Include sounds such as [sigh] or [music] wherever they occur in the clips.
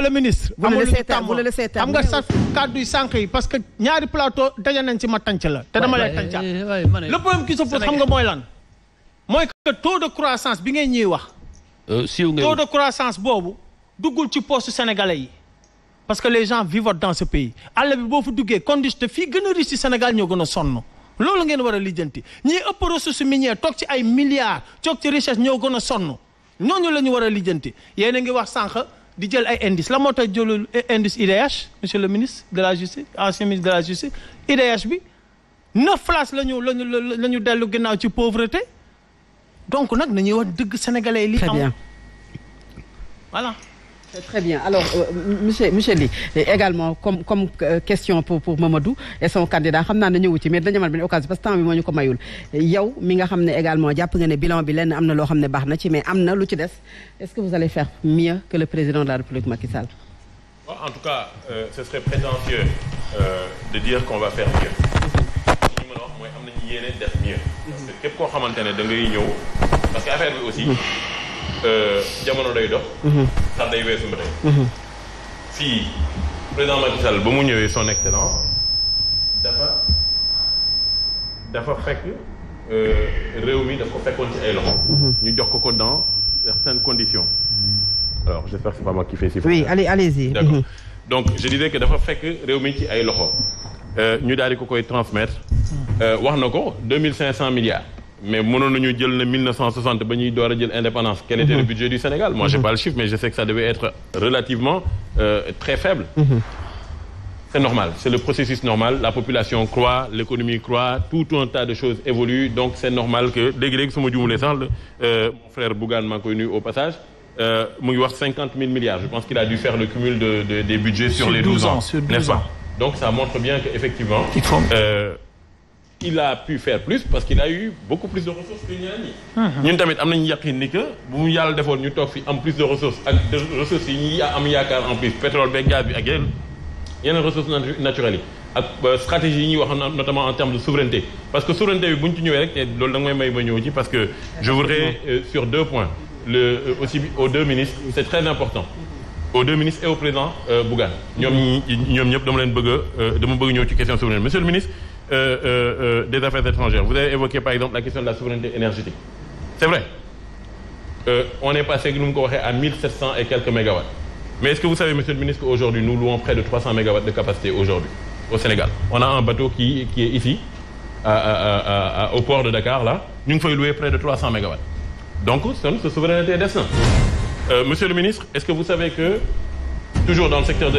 monsieur le ministre. amul lu ñu xam nga sax kàddu yi yi parce que ñaari plateau daje nañ ci ma tànc la. te dama lay tàncaat le problème qui se pose xam nga mooy lan. mooy que croissance bi ngay ñuy wax. Euh, siiw ngay taux croissance boobu duggul ci poste sénégalais yi. parce que les gens vivent dans ce pays àll bi boo fa duggee condition fii gën a riche ci Sénégal ñoo gën a sonn. loolu ngeen war a lijjanti ñii ëpp ressource minière toog ci ay milliards toog ci richesse ñoo gën a sonn ñooñu la a lijjanti a di jël ay indice la moo tax jëlul indice IDH monsieur le ministre de la justice ancien ministre de la justice IDH bi neuf places la ñu la ñu la ñu dellu ginnaaw ci pauvreté donc nag nañuy wax dëgg sénégalais li am Euh, très bien alors euh, monsieur monsieur Ly également comme comme euh, question pour pour Mamadou et son candidat xam naa ne ñëwu ci mais dinañu amal benn occasion parce que temps moo ñu ko mayul yow mi nga xam ne également jàpp nga ne bilan bi lenn am na loo xam ne baax na ci mais am na lu ci des est-ce que vous allez faire mieux que le président de la République Macky a Euh, jamono day dox. sax mhm. day weesu ba tey. Mhm. fii président Macky ba mu ñëwee son excellence dafa fekk euh, réew mi daf ko fekkoon ci ay loxo. Mhm. ñu jox ko ko dans certaines condition alors j'espère que c'est pas moi qui fais si. oui allez allez donc je disais que dafa fekk réew mi ci ay loxo. Euh, ñu daal di ko koy transmettre. wax na ko deux mille cinq cent milliards. mais mënoon nañu jël door a jël indépendance. quel était le mhm. budget du Sénégal. moi j'ai mhm. pas le chiffre mais je sais que ça devait être relativement euh, très faible. Mhm. c'est normal c'est le processus normal la population croît l'économie croît tout un tas de choses évoluent donc c'est normal que léegi-léegi su ma juumalee sax euh, mon frère Bougane maa ngi au passage euh, wax cinquante mille milliards je pense qu'il a dû faire le cumul des budgets sur, les douze ans, n'est-ce il a pu faire plus parce qu'il a eu beaucoup plus de ressources que ñeneen ñi ñun tamit am nañu yàqin ni que bu mu yàlla defoon ñu toog fi am plus de ressources ak de ressources yi ñuy am yaakaar en plus pétrole beeg gaz bi ak yeneen yeneen ressources naturelles yi euh, stratégie ñuy wax notamment en termes de souveraineté parce que souveraineté bi bu ñu ci ñëwee rek te may may ma ñëw ci parce que je voudrais euh, sur deux points le euh, aussi aux deux ministres c'est très important aux deux ministres et au président euh, Bougane ñoom ñi ñoom ñëpp dama leen bëgg a euh, bëgg ñëw ci question souveraineté monsieur Euh, euh, euh, des affaires étrangères vous avez évoqué par exemple la question de la souveraineté énergétique c'est vrai on est passé nu mu ko waxee à mille cent et quelques mégawatts mais est-ce que vous savez monsieur le ministre qu'aujourd'hui nous louons près de trois cent mégawatts de capacité aujourd'hui au Sénégal on a un bateau qui est ici à, à, à, de Dakar là ñu ngi fay louer près de trois donc son sa souveraineté des na Euh, monsieur le ministre, est-ce que vous savez que, toujours dans le secteur de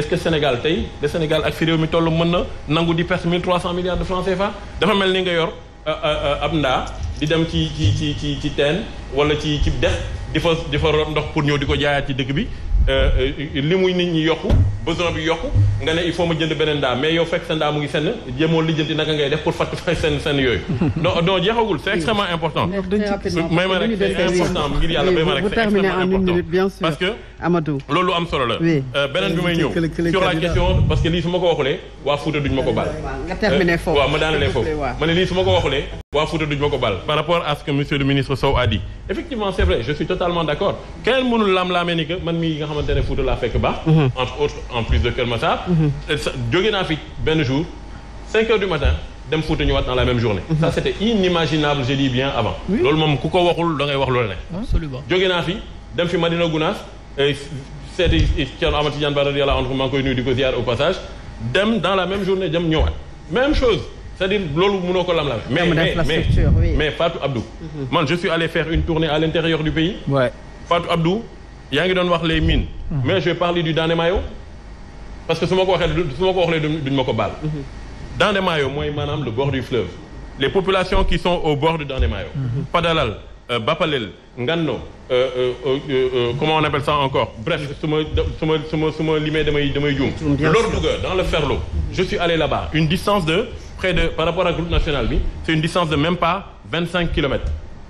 est-ce Sénégal tey de Sénégal ak fi réew mi toll mën na nangu di perte 1300 milliards de francs CFA dafa mel ni nga yor euh, euh, euh, ab ndaa di dem ci ci ci ci ci teen wala ci ci dex di fa di fa root ndox pour ñëw di ko jaayaat ci dëkk bi li muy nit ñi yokku besoin bi yokku nga ne il faut ma jënd beneen ndaa mais yow fekk sa ndaa mu ngi senn jéemoo lijjanti naka ngay def pour fàtt fay senn senn yooyu donc [laughs] donc jeexagul c'est extrêmement important may ma rek c'est important ngir yàlla may ma rek c'est extrêmement important parce que loolu am solo la euh, beneen bi may ñëw sur la question parce que lii su ma ko waxulee waa Fouta duñ ma ko baal euh, waaw ma daanalee foofu ma ne lii su ma ko waxulee waa Fouta duñ ma ko baal par en plus de Kër Massar. Mhm. jóge naa fi benn jour 5 heures du matin dem Fouta ñëwaat dans la même journée. Mhm. ça c' était inimaginable je dis bien avant. loolu moom ku ko waxul da ngay wax loolu ne. absolument jóge naa fi dem fi Madina Gounass seeti Thierno Amath Tidiane Ba radiyallahu anhu maa ngi koy nuyu di ko au passage dem dans la même journée dem ñëwaat même chose. c'est-à-dire loolu mënoo ko lam-lame mais mais mais, oui. mais Fatou Abdou mm -hmm. man je suis allé faire une tournée à l'intérieur doon wax les mines mm -hmm. mais je parce que su ma ko waxee su ma ko waxee duñ ma ko baal. Mhm. mooy maanaam le bord du fleuve les populations au bord de Dandemayo. Padalal mhm. euh, Bapalel Ngano euh, euh, comment on appelle ça encore bref su ma su su ma su ma limee damay damay juum. Lorduga dans le Ferlo. je suis allé là une distance de de par rapport ak route nationale bi c'est une distance de pas vingt cinq kilomètres.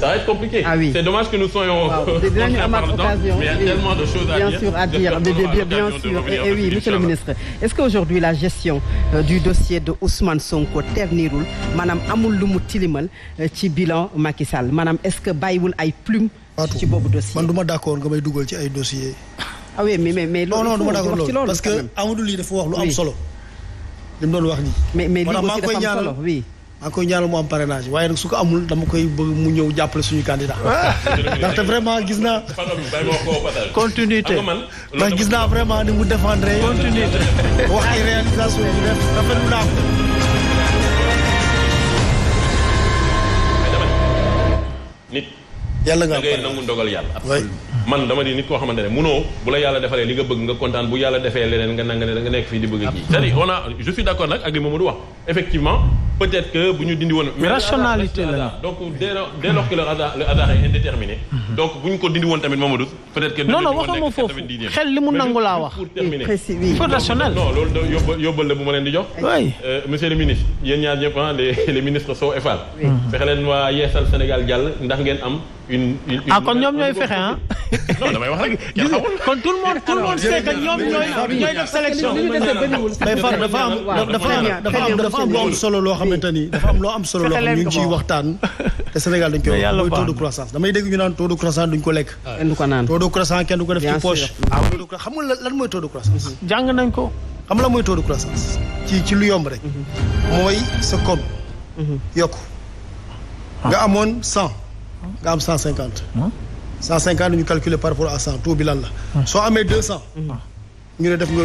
Ça va être ah C'est dommage que nous soyons. Wow. [laughs] a de choses à bien dire. Sûr, eh la gestion euh, du dossier de Ousmane Sonko ternirul maanaam amul lu mu tilimal euh, ci bilan Macky Sall maanaam est-ce que bàyyiwul ay plume. ci boobu dossier man du ma d'accord nga may dugal ci ay dossiers. ah oui mais mais mais loolu non non du ma d'accord loolu parce que Amadou lii dafa wax lu am solo. li mu doon wax nii. mais mais lii aussi dafa am solo oui. maa ngi koy ñaanal mu am parrainage waaye nag su ko amul dama koy bëgg mu ñëw jàppale suñu candidat ah. te vraiment gis naa continuité ndax gis naa vraiment ni mu défendre continuité wax ay réalisation yi def rafetlu naa ko nit yàlla nga ngay nangu ndogal yàlla man dama munoo bu la yàlla defalee li nga bëgg nga kontaan bu yàlla defee leneen nga nanga ne nga nekk fii di bëgg a kii c'est-à-dire on a je suis d'accord nag ak li Mamadou wax peut-être que bu ñu dindi woon. mais rationalité la donc dès lors que le hasard le hasard est mhm. donc bu ñu ko dindi woon tamit Mamadou. peut-être que non non waxuma foofu xel li mu nangu laa wax. pour terminer bu ma leen di jox. oui euh, monsieur le ministre yéen ñaar ñëpp ah les [laughs] les ministres mhm. fexe leen waa yeesal Sénégal jàll ndax ngeen am. ah kon ñoom ñooy fexe ah. non damay wax rek [laughs] kon tout le monde tout le monde sait ñoom ñooy def sélection. xamante ni dafa am loo am solo loo xam ñu ngi ciy waxtaan te Sénégal dañ koy [laughs] wax mooy taux de mhm. mhm. sa koom mhm. yokku nga amoon cent nga am cent cinquante ñu calculer par rapport à cent taux bi la soo amee deux cent ñu ne def nga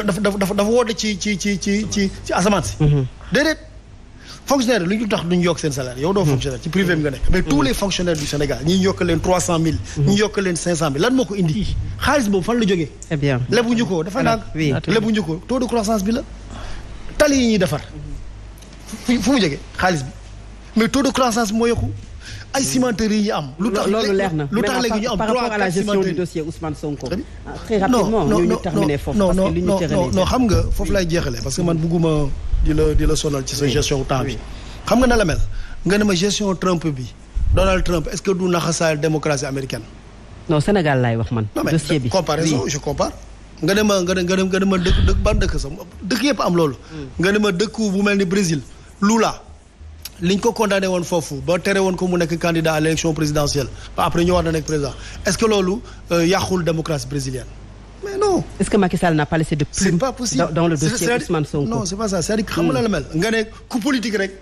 dafa dafa dafa woote ci ci ci ci ci ci asamaan si. Mhm. déedéet fonctionnaire lu ñu tax duñ yokk seen salaire yow doo mhm. fonctionnaire ci privé bi nga nekk. mais tous les fonctionnaires du Sénégal ñi yokk leen trois cent mille. Mhm. ñi yokk leen cinq cent mille lan moo ko indi. xaalis boobu fan la jógee. c'est eh lebu ñu ko dafa naag. oui ah, lebu ñu ko taux de croissance bi la. yi ñuy defar. fu mu jógee xaalis bi mais taux de croissance bi moo yokku. ay cimenterie yi ñu am. lu tax loolu leer na lu tax léegi ñu am par rapport à la gestion du dossier Ousmane Sonko. très ah, rapidement ñu ñu terminer foofu parce que li ñu tëralee non xam nga foofu lay jeexalee parce que man bugguma di la di ci sa gestion temps bi. xam nga na la mel nga ne gestion Trump bi Donald Trump est-ce que du naxasaayal démocratie américaine. non Sénégal laay wax man. dossier bi comparaison nga ne ma nga ne nga ne ma dëkk dëkk ban dëkk sax dëkk yëpp am loolu. Mm. nga ne ma dëkk bu mel ni Brésil Lula. li liñ ko condamné woon foofu ba tere woon ko mu nekk candidat à l' élection présidentielle après ñu war na nekk président est ce que loolu euh, yàqul démocratie brésilienne mais non. est ce que Macky Sall n'a pas laissé de plume. dans le dossier Ousmane Sonko non c'est pas ça c'est-à-dire xam nga hmm. la mel. nga ne ku politique rek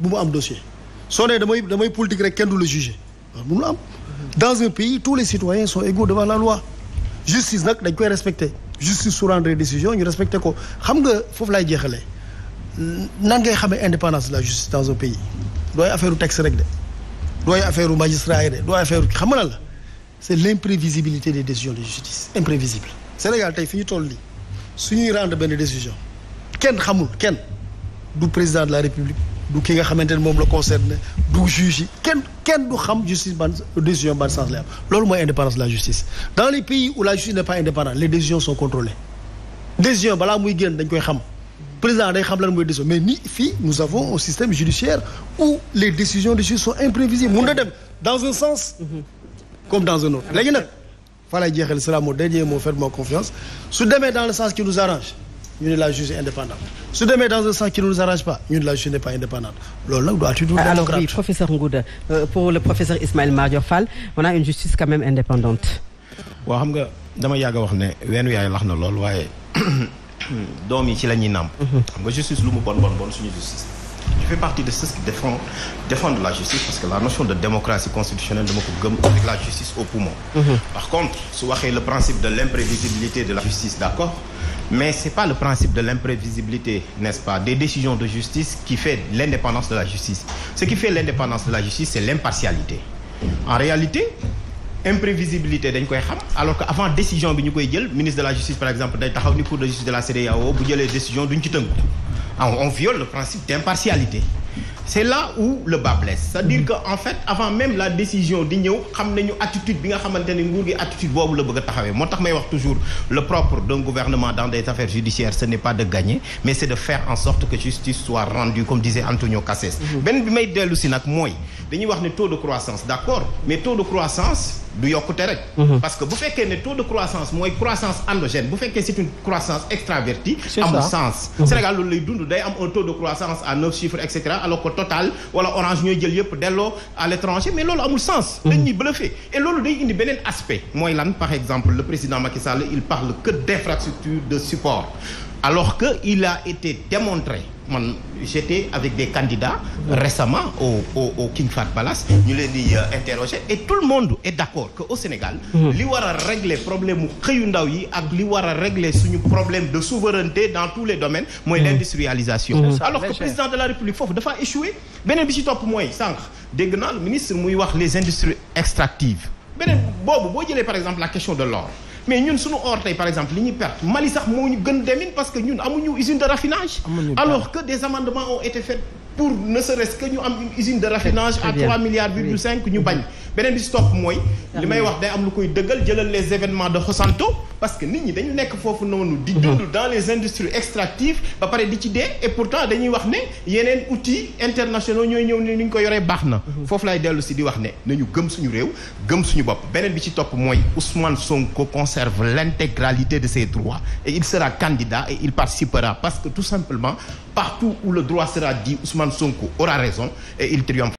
bu mu am dossier soo nee damay politique rek kenn du la jugé bu mu am. dans un pays tous les citoyens sont égaux devant la loi justice nag dañ koy respecté justice su rendre décision ñu respecté ko xam nga foofu jeexalee. nangay xame indépendance de la justice dans un pays dooy affaire u rek de dooy affaire u magistrat affaire u xam nga la c' est l' imprévisibilité des décisions de justice imprévisible Sénégal tey fi ñu toll nii su ñuy rendre benn décision kenn xamul kenn du président de la république du ki nga xamante ne moom la concerne du juge yi kenn kenn du xam justice ban décision ban sens lay loolu mooy indépendance de la justice dans les pays où la justice n'est pas indépendante les décisions dañ koy xam président day xam lan mooy décision mais ni fii nous avons un système judiciaire où les décisions de justice sont imprévisibles mun de dem dans un sens comme dans un autre léegi nag fa lay jeexal sera mon dernier mot faites-moi confiance su demee dans le sens qui nous arrange ñu ne la justice est indépendante su demee dans un sens qui ne nous arrange pas ñu ne la justice n'est pas indépendante loolu nag doit toujours alors oui professeur Ngouda euh, pour le professeur a xam nga dama yàgg wax ne ween yaay lax na lool waaye Hmm. doom yi ci la ñuy lu mu bon bon bon suñu justice. je fais partie de ceux qui défendent défendent la justice parce que la notion de démocratie constitutionnelle dama ko gëm avec la justice au poumon. Mhm. par contre su waxee le principe de l'imprévisibilité de la justice d'accord mais c'est pas le principe de l'imprévisibilité n'est-ce pas des décisions de justice qui fait l'indépendance de la justice c'est l'impartialité en réalité imprévisibilité dañ koy xam alors que avant décision bi ñu koy jël ministre de la justice par exemple day taxaw ni cour de justice de la CEDEAO bu jëlee décision duñ ci tënku ah, on viole le principe d'impartialité c'est là où le bât cest dire que en fait avant même la décision di ñëw xam nañu attitude bi nga xamante ne nguur gi attitude boobu la bëgg taxawee moo tax may wax toujours le propre d'un gouvernement dans des affaires judiciaires ce en sorte que justice soit rendue comme disait Antonio Cassés mm-hmm. benn bi may dellu si du yokkute rek. Mhm. parce que bu fekkee ne taux de croissance mooy croissance endogène bu fekkee c'est une croissance extravertie. amul sens. Mhm. Sénégal loolu lay dund day am un taux de croissance à neuf chiffres et cetera alors que Total Orange ñooy jël yëpp delloo à l'étranger mais loolu amul sens. Mhm. dañ ñuy bluffé et loolu day indi beneen aspect mooy lan par exemple le président Macky Sall il parle que d'infrastructure de support alors que il a été démontré. man j'étais avec des candidats récemment au au King Fahd Palace. ñu leen di euh, interroger et tout le monde est d'accord que au Sénégal. Mhm. li war a régler problème mu xëyu ndaw yi ak li war a régler suñu problème de souveraineté dans tous les domaines. mooy mhm. l'industrialisation. Mhm. alors que président de la République foofu dafa échoué. beneen bi ci topp mooy sànq dégg naa le ministre muy wax les industries extractives beneen boobu boo jëlee par exemple la question de l'or mais ñun suñu or tey par exemple li ñuy perte Mali sax moo ñu gën demin parce que ñun amuñu usine de raffinage alors que des amendements ont été faits pour ne serait-ce ñu am usine de raffinage à 3 milliards virgule 5 ñu bañ mm-hmm. beneen bi si topp mooy ah. li may wax day am lu koy dëggal jëlal les événements de Xosanto parce que nit ñi dañu nekk foofu noonu di mm-hmm. dund dans les industries extractives ba pare di ci dee et pourtant dañuy wax ne yeneen outils internationaux ñooy ñëw ne ni ñu ko yoree baax na mm-hmm. foofu lay dellu si di wax ne nañu gëm suñu réew gëm suñu bopp beneen bi ci topp mooy Ousmane Sonko conserve l'intégralité de ses droits et il sera candidat et il participera parce que tout simplement partout où le droit sera dit Ousmane Sonko